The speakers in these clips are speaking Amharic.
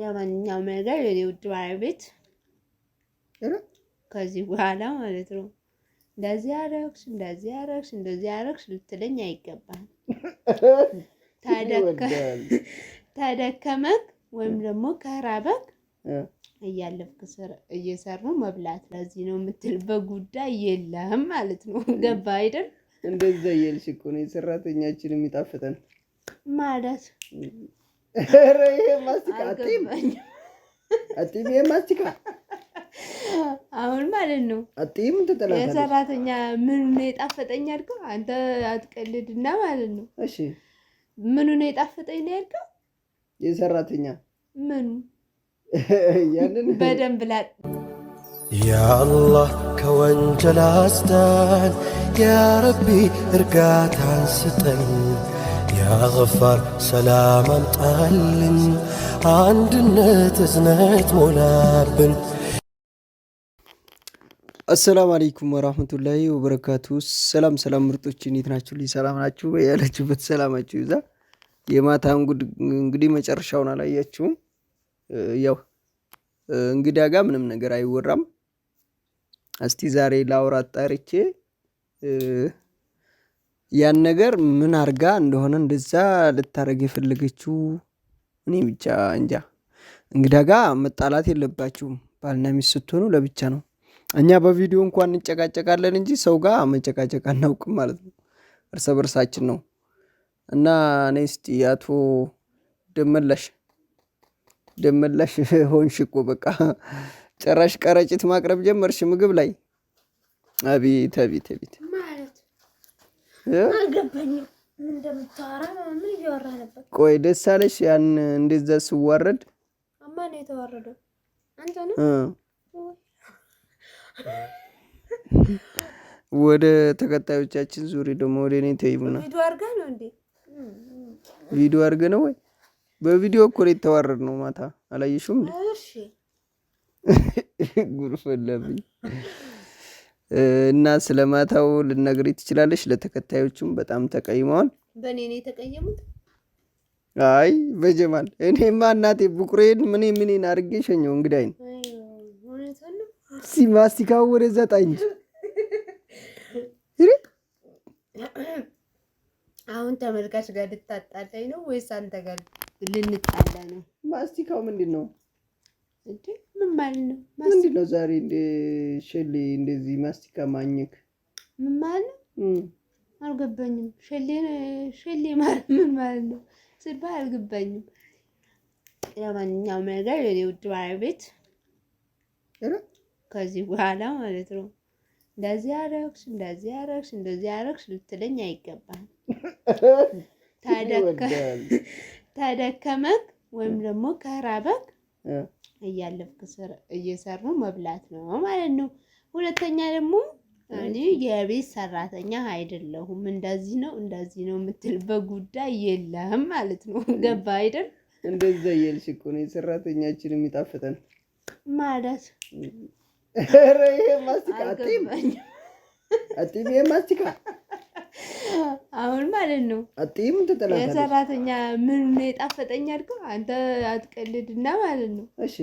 ለማንኛውም ነገር የኔ ውድ ባለቤት ከዚህ በኋላ ማለት ነው እንደዚህ አረግሽ፣ እንደዚህ አረግሽ፣ እንደዚህ አረግሽ ልትለኝ አይገባም። ታደከመክ ወይም ደግሞ ከራበክ እያለፍክ እየሰሩ መብላት ለዚህ ነው የምትል በጉዳይ የለህም ማለት ነው። ገባ አይደል? እንደዛ እያልሽ እኮ ነው የሰራተኛችን የሚጣፍጠን ማለት ማስቲካ አሁን ማለት ነው የሰራተኛ ምኑ ነው የጣፈጠኝ ያልከው? አንተ አትቀልድና ማለት ነው። እሺ ምኑ ነው የጣፈጠኝ ነው ያልከው? የሰራተኛ ምኑ ያንን በደንብ ላ ያአላህ ከወንጀል አስዳን፣ ያረቢ እርጋታን ስጠኝ ያ ገፋር ሰላም አምጣልን፣ አንድነት እዝነት ሞላብን። አሰላሙ አለይኩም ወራህመቱላሂ ወበረካቱ። ሰላም ሰላም ምርጦች እንዴት ናችሁ? ልጅ ሰላም ናችሁ? ያላችሁበት ሰላማችሁ ይዛ የማታ እንግዲህ መጨረሻውን አላያችሁም። ያው እንግዳ ጋር ምንም ነገር አይወራም። እስቲ ዛሬ ላውራት ጣርቼ ያን ነገር ምን አርጋ እንደሆነ እንደዛ ልታደርግ የፈለገችው እኔ ብቻ እንጃ። እንግዳ መጣላት የለባችሁም። ባልና ሚስት ስትሆኑ ለብቻ ነው። እኛ በቪዲዮ እንኳን እንጨቃጨቃለን እንጂ ሰው ጋር መጨቃጨቅ አናውቅም ማለት ነው። እርሰ በርሳችን ነው። እና እኔ እስቲ አቶ ደመላሽ ደመላሽ ሆንሽ እኮ በቃ ጭራሽ ቀረጭት ማቅረብ ጀመርሽ ምግብ ላይ። አቤት አቤት አቤት ምን ቆይ ደስ አለሽ? ያን እንደዛ ስዋረድ የተዋረደው። አንተ ነው ወደ ተከታዮቻችን ዙሪ ደግሞ ወደ እኔ ተይቡና ቪዲዮ አድርገህ ነው ወይ? በቪዲዮ እኮ ነው የተዋረድ ነው። ማታ አላየሽውም? እሺ እና ስለማታው ልነግሪ ትችላለች። ለተከታዮቹም በጣም ተቀይመዋል። በእኔ የተቀየሙት። አይ በጀማል እኔማ እናቴ ብቁሬን ምኔ ምኔን አድርጌ ሸኘው እንግዳይ ነው ማስቲካው ወደዛ ጣ አሁን ተመልካች ጋር ልታጣላኝ ነው ወይስ አንተ ጋር ልንጣላ ነው? ማስቲካው ምንድን ነው? ምን ማለት ነው? ምንድን ነው ዛሬ እንደ ሸሌ እንደዚህ ማስቲካ ማኘክ? ምን ማለት ነው? አልገባኝም። ሸሌ ማለት ምን ማለት ነው? ስድባ አልገባኝም። ለማንኛውም ነገር የኔ ውድ ባለቤት ከዚህ በኋላ ማለት ነው እንደዚህ አረግሽ፣ እንደዚህ አረግሽ፣ እንደዚህ አረግሽ ልትለኝ አይገባም። ወይም ደግሞ ከራበክ እያለፍክ እየሰሩ መብላት ነው ማለት ነው። ሁለተኛ ደግሞ እኔ የቤት ሰራተኛ አይደለሁም እንደዚህ ነው እንደዚህ ነው የምትልበት በጉዳይ የለህም ማለት ነው። ገባ አይደል? እንደዛ እያልሽ እኮ ነው የሰራተኛችን የሚጣፍጠን ማለት ማስቲካ ይሄ ማስቲካ አሁን ማለት ነው አጥይም ተጠላታ የሰራተኛ ምኑ ነው የጣፈጠኝ ያልከው አንተ አትቀልድና ማለት ነው። እሺ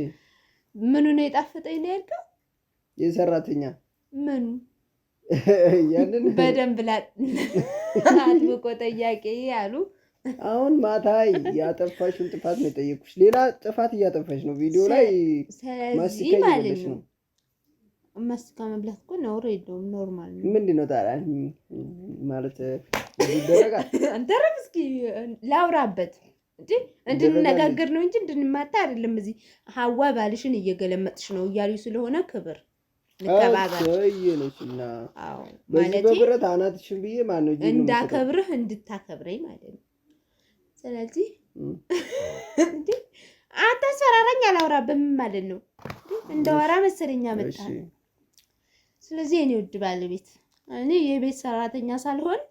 ምኑ ነው የጣፈጠኝ ነው ያልከው? የሰራተኛ ምኑ ያንን በደንብ ላ አጥብቆ ጠያቄ አሉ። አሁን ማታ ያጠፋሽን ጥፋት ነው የጠየኩሽ። ሌላ ጥፋት እያጠፋሽ ነው ቪዲዮ ላይ ማስቀየም ነው መስጋ መብላት እኮ ነውር የለውም፣ ኖርማል ነው። ምንድን ነው ታዲያ ማለት ይደረጋል። አንተረፍ እስኪ ላውራበት እንጂ እንድንነጋገር ነው እንጂ እንድንማታ አይደለም። እዚህ ሀዋ ባልሽን እየገለመጥሽ ነው እያሉ ስለሆነ ክብር ልከባባልነችና ማለት በብረት አናትሽን ብዬ ማነው እንዳከብርህ እንድታከብረኝ ማለት ነው። ስለዚህ አንተ አላውራ በምን ማለት ነው። እንደ ወራ መሰለኛ መጣ ስለዚህ እኔ ውድ ባለቤት እኔ የቤት ሰራተኛ ሳልሆን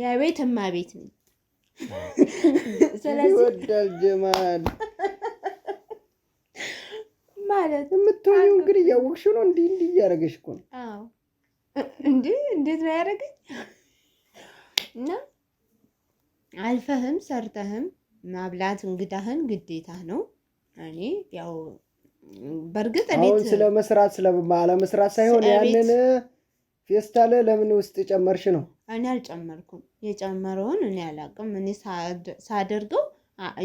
የቤት እማቤት ነኝ። ስለዚህ ጀማል ማለት የምትሆኚው እንግዲህ እያወቅሽ ነው። እንዲህ እንዲህ እያደረገሽ እኮ ነው። አዎ እንዴት ነው ያደረገኝ? እና አልፈህም ሰርተህም ማብላት እንግዳህን ግዴታ ነው። እኔ ያው በእርግጥ አሁን ስለ መስራት መስራት ሳይሆን ያንን ፌስታል ለምን ውስጥ ጨመርሽ ነው። እኔ አልጨመርኩም። የጨመረውን እኔ አላውቅም። እኔ ሳደርገው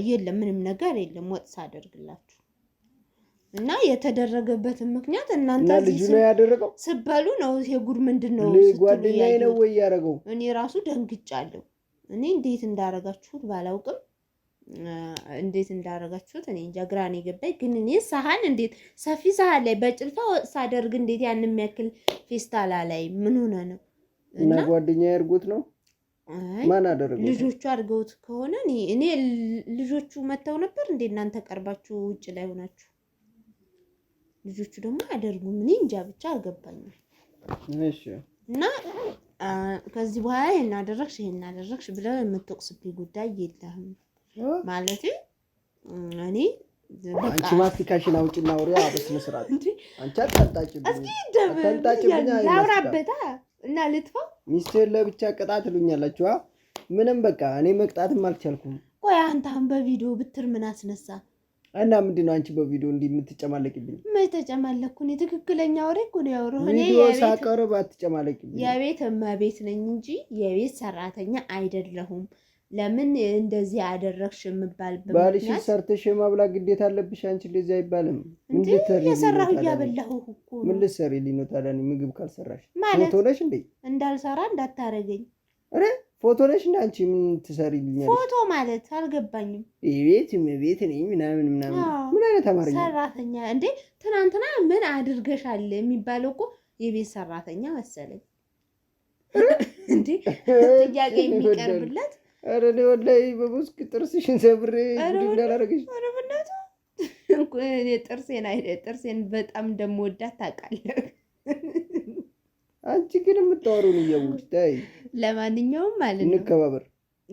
የለም ምንም ነገር የለም። ወጥ ሳደርግላችሁ እና የተደረገበትን ምክንያት እናንተ ልጁ ነው ያደረገው ስበሉ ነው። የጉድ ምንድን ነው? ጓደኛዬ ነው ወይ ያደረገው? እኔ ራሱ ደንግጫለሁ። እኔ እንዴት እንዳደረጋችሁት ባላውቅም እንዴት እንዳደረጋችሁት እኔ እንጃ፣ ግራ ነው የገባኝ። ግን እኔ ሳህን እንዴት ሰፊ ሳህን ላይ በጭልፋ ሳደርግ እንዴት ያን የሚያክል ፌስታላ ላይ ምን ሆነ ነው? እና ጓደኛ ያርጉት ነው ማን አደረገው? ልጆቹ አድርገውት ከሆነ እኔ ልጆቹ መተው ነበር እንዴ? እናንተ ቀርባችሁ ውጭ ላይ ሆናችሁ ልጆቹ ደግሞ አያደርጉም። እኔ እንጃ ብቻ አልገባኝም። እና ከዚህ በኋላ ይሄን አደረግሽ ይሄን አደረግሽ ብለው የምትወቅስብኝ ጉዳይ የለህም። ማለትም እኔ አንቺ ማስቲካሽን አውጭና አውሪዋ በስነ ስርዓት። አንቺ አታንጣጭብኝ፣ ላውራበታ እና ልጥፋው። ሚስቴር ለብቻ ቅጣት ትሉኛላችሁ። ምንም በቃ እኔ መቅጣትም አልቻልኩም። ቆይ አንተ አሁን በቪዲዮ ብትር ምን አስነሳ እና ምንድን ነው አንቺ በቪዲዮ እንዲህ የምትጨማለቅብኝ? ምን ተጨማለቅኩ? እኔ ትክክለኛ ወሬ እኮ ነው ያወራሁት። ቪዲዮ ሳቀርብ አትጨማለቅብኝ። የቤት እመቤት ነኝ እንጂ የቤት ሰራተኛ አይደለሁም። ለምን እንደዚህ አደረግሽ የምባል ባልሽ ሰርተሽ የማብላት ግዴታ አለብሽ። አንቺ እንደዚህ አይባልም። እየሰራሁ እያበላሁ እኮ ምን ልትሰሪ ነው ታዲያ? ምግብ ካልሰራሽ ማለት ፎቶ ነሽ እንዴ? እንዳልሰራ እንዳታረገኝ። ኧረ ፎቶ ነሽ እንደ አንቺ ምን ትሰሪልኛለሽ? ፎቶ ማለት አልገባኝም። ቤት ቤት ነኝ ምናምን ምናምን። ምን አይነት አማርኛ ሰራተኛ እንዴ! ትናንትና ምን አድርገሻል የሚባለው እኮ የቤት ሰራተኛ መሰለኝ እንዴ ጥያቄ የሚቀርብለት ኧረ እኔ ወላሂ በሞስክ ጥርስሽን ሰብሬ እንዳላረገሽ ረብነቱ ጥርሴን ጥርሴን በጣም እንደምወዳት ታውቃለህ። አንቺ ግን የምታወሩን እያወቅሽ ታይ። ለማንኛውም ማለት ነው እንከባበር።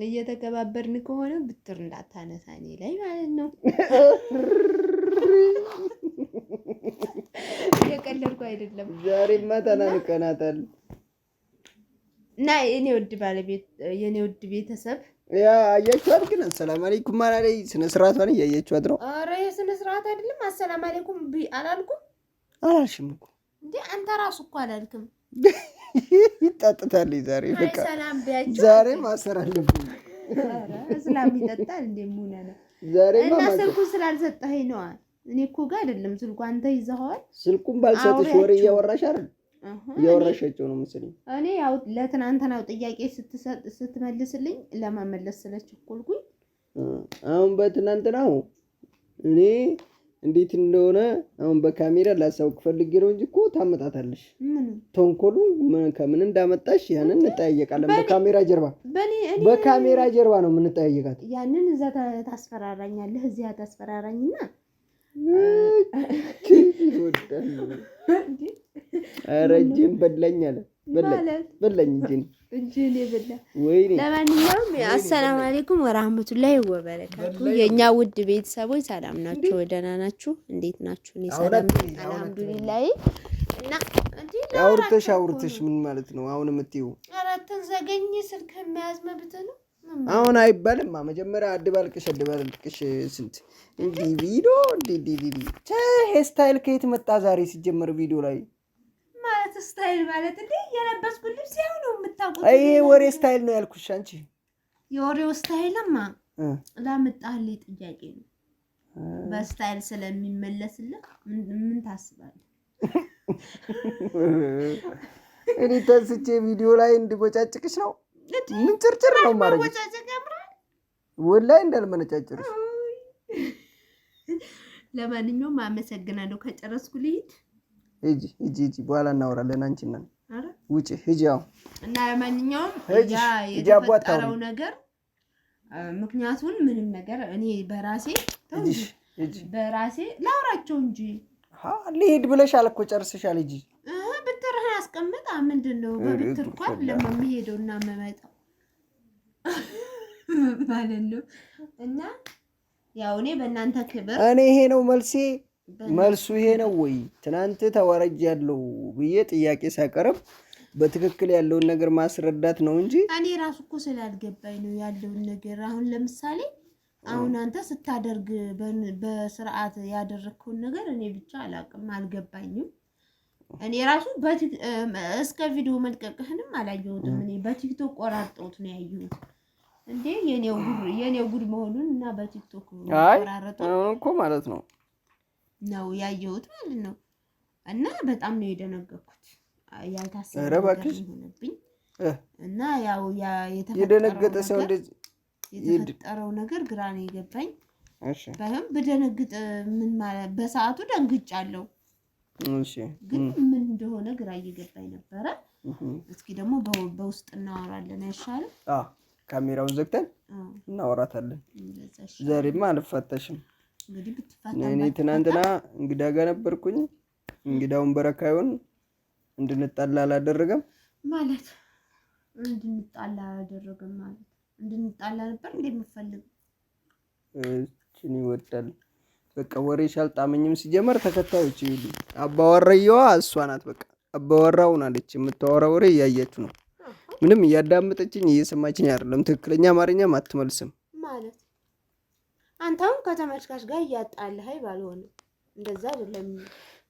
እየተከባበርን ከሆነ ብትር እንዳታነሳ እኔ ላይ ማለት ነው። እየቀለድኩ አይደለም። ዛሬማ ተናንቀናታል። እና የኔ ውድ ባለቤት የኔ ውድ ቤተሰብ አያችኋት ግን አሰላም አለይኩም ማላለ ስነ ስርዓት ሆነ እያያችኋት ነው። ኧረ የስነ ስርዓት አይደለም። አሰላም አለይኩም ብ አላልኩም አላልሽም እኮ እንዴ አንተ ራሱ እኮ አላልክም። ይጣጥታል ዛሬ በቃ ዛሬ ማሰር አለብኝ። እስላም ይጠጣል እንዴ ሙነ ነው ዛሬ እና ስልኩ ስላልሰጠኸኝ ነዋ። እኔ እኮ ጋር አይደለም ስልኩ አንተ ይዘኸዋል። ስልኩን ባልሰጥሽ ወሬ እያወራሽ አይደል እያወራሻቸው ነው መሰለኝ። እኔ ያው ለትናንትናው ጥያቄ ስትሰጥ ስትመልስልኝ ለመመለስ ስለቸኮልኩኝ አሁን በትናንትናው እኔ እንዴት እንደሆነ አሁን በካሜራ ላሳውቅ ፈልጌ ነው እንጂ እኮ ታመጣታለሽ። ተንኮሉ ከምን እንዳመጣሽ ያንን እንጠያየቃለን። በካሜራ ጀርባ በካሜራ ጀርባ ነው የምንጠያየቃት። ያንን እዛ ታስፈራራኛለህ፣ እዚያ ታስፈራራኝና ኧረ በለኝ በላኝ አለ በላኝ እጄን ለማንኛውም አሰላም አሌይኩም ወራህመቱላሂ ወበረካቱ የእኛ ውድ ቤተሰቦች ሰላም ናችሁ ደህና ናችሁ እንዴት ናችሁ እኔ ሰላም አልሐምዱሊላህ እና አውርተሽ አውርተሽ ምን ማለት ነው አሁን የምትይው አራተን ዘገኝ ስልክ የሚያዝ መብት ነው አሁን አይባልማ። መጀመሪያ አድባልቅሽ አድባልቅሽ ስንት እንዲ ቪዲዮ እንዲ እንዲህ ሄስታይል ከየት መጣ ዛሬ? ሲጀመር ቪዲዮ ላይ ማለት ስታይል ማለት እንዴ የለበስኩ ልብስ ያው ነው የምታውቁት። ይሄ ወሬ ስታይል ነው ያልኩሽ። አንቺ የወሬው ስታይልማ ላመጣህልኝ ጥያቄ ነው። በስታይል ስለሚመለስልህ ምን ታስባለህ? እኔ ተስቼ ቪዲዮ ላይ እንድቦጫጭቅሽ ነው ምን ጭርጭር ነው ማድረግ ወላሂ እንዳልመነጫጭር። ለማንኛውም አመሰግናለሁ። ከጨረስኩ ልሂድ። ሂጂ ሂጂ ሂጂ፣ በኋላ እናወራለን። አንቺ እና ውጪ ሂጂ። ያው እና ለማንኛውም የተፈጠረው ነገር ምክንያቱን ምንም ነገር እኔ በራሴ በራሴ ላውራቸው እንጂ ልሂድ ብለሻል እኮ ጨርስሻል። ሂጂ ሳላስቀምጥ ምንድን ነው በብትር እንኳን ለመሄደው እና መመጣው ማለት ነው። እና ያው እኔ በእናንተ ክብር እኔ ይሄ ነው መልሴ። መልሱ ይሄ ነው ወይ? ትናንት ተዋረጅ ያለው ብዬ ጥያቄ ሳቀርብ በትክክል ያለውን ነገር ማስረዳት ነው እንጂ እኔ ራሱ እኮ ስላልገባኝ ነው ያለውን ነገር። አሁን ለምሳሌ አሁን አንተ ስታደርግ በስርዓት ያደረግከውን ነገር እኔ ብቻ አላውቅም፣ አልገባኝም እኔ ራሱ እስከ ቪዲዮ መልቀቅህንም አላየሁትም። እኔ በቲክቶክ ቆራርጠውት ነው ያየሁት። እንዴ የኔው ጉድ መሆኑን እና በቲክቶክ ቆራርጠው እኮ ማለት ነው ነው ያየሁት ማለት ነው። እና በጣም ነው የደነገኩት ያልታሰበ ሆነብኝ እና ያው የደነገጠ ሰው ልጅ የተፈጠረው ነገር ግራ ነው የገባኝ። በህም ብደነግጥ ምን ማለት በሰዓቱ ደንግጫለሁ። ግን ምን እንደሆነ ግራ እየገባኝ ነበረ። እስኪ ደግሞ በውስጥ እናወራለን አይሻልም? ካሜራውን ዘግተን እናወራታለን። ዛሬማ አልፋታሽም። እኔ ትናንትና እንግዳ ጋር ነበርኩኝ። እንግዳውን በረካዩን እንድንጣላ አላደረገም ማለት እንድንጣላ አላደረገም ማለት እንድንጣላ ነበር እንደምፈልግ እችን ይወዳል በቃ ወሬሽ አልጣመኝም። ሲጀመር ተከታዮች ይሉ አባወራየዋ እሷ ናት። በቃ አባወራው ናለች። የምታወራ ወሬ እያያችሁ ነው። ምንም እያዳመጠችኝ እየሰማችኝ አይደለም። ትክክለኛ አማርኛም አትመልስም ማለት አንተም ከተመልካች ጋር እያጣልህ ባልሆነ እንደዛ አይደለም።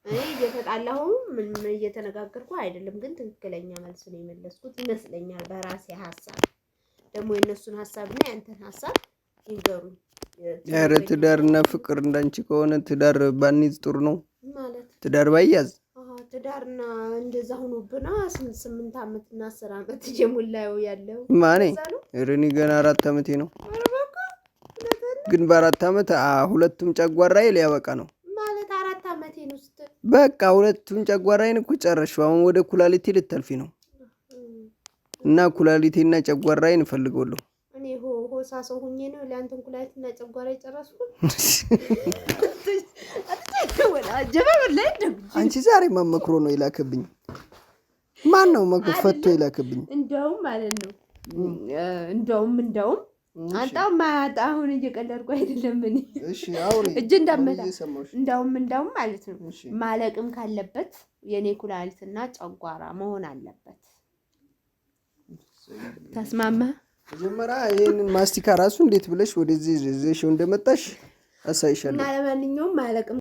እኔ እየተጣላሁም ምን እየተነጋገርኩ አይደለም፣ ግን ትክክለኛ መልስ ነው የመለስኩት ይመስለኛል። በራሴ ሀሳብ ደግሞ የእነሱን ሀሳብና የአንተን ሀሳብ ይንገሩኝ። ኧረ ትዳርና ፍቅር እንዳንቺ ከሆነ ትዳር ባኒዝ ጥሩ ነው ማለት ትዳር ባያዝ ትዳርና እንደዛ ሆኖብና ስምንት ዓመት እና አስር ዓመት እየሞላው ያለው ማኔ እኔ ገና አራት ዓመቴ ነው። ግን በአራት ዓመት ሁለቱም ጨጓራዬ ሊያበቃ ነው ማለት አራት ዓመቴ ነው ስትል በቃ ሁለቱም ጨጓራዬን እኮ ጨረስሽው። አሁን ወደ ኩላሊቴ ልታልፊ ነው እና ኩላሊቴና ጨጓራዬን እፈልገዋለሁ። ጎሳ ሰው ሁኜ ነው ለአንተን ኩላሊት እና ጨጓራ የጨረስኩት። አንቺ ዛሬ መመክሮ ነው የላክብኝ። ማን ነው ፈቶ የላክብኝ? እንደውም ማለት ነው እንደውም እንደውም አንጣው ማያጣ አሁን እየቀለድኩ አይደለም። እኔ እሺ አውሪ እጅ እንዳመጣ እንደውም እንደውም ማለት ነው ማለቅም ካለበት የኔ ኩላሊትና ጨጓራ መሆን አለበት። ተስማማ መጀመሪያ ይህንን ማስቲካ ራሱ እንዴት ብለሽ ወደዚህ ዘሽው እንደመጣሽ አሳይሻለሁ። ለማንኛውም አያለቅም።